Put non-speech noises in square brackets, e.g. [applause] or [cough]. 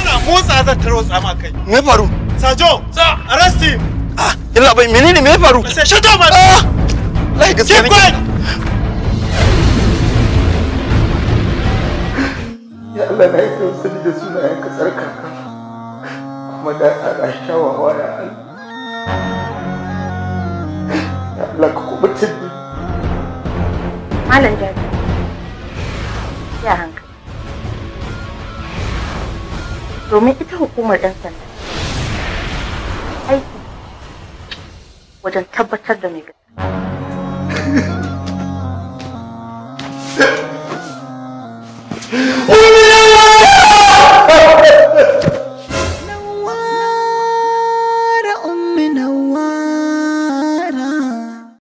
ana motsa zan tarwatsa ma kai. Me faru? Sajo! Sa! Arrest him! Ah! Illa bai menene me faru? shut up! Ah! Lai gaskiya ne. Ya Allah na yi da kasar Kuma da tsada kyawawa ya Allah. Ya Allah ka kubutar Malam domin ita hukumar 'yan sanda aiki wajen tabbatar da mai [laughs] Oh!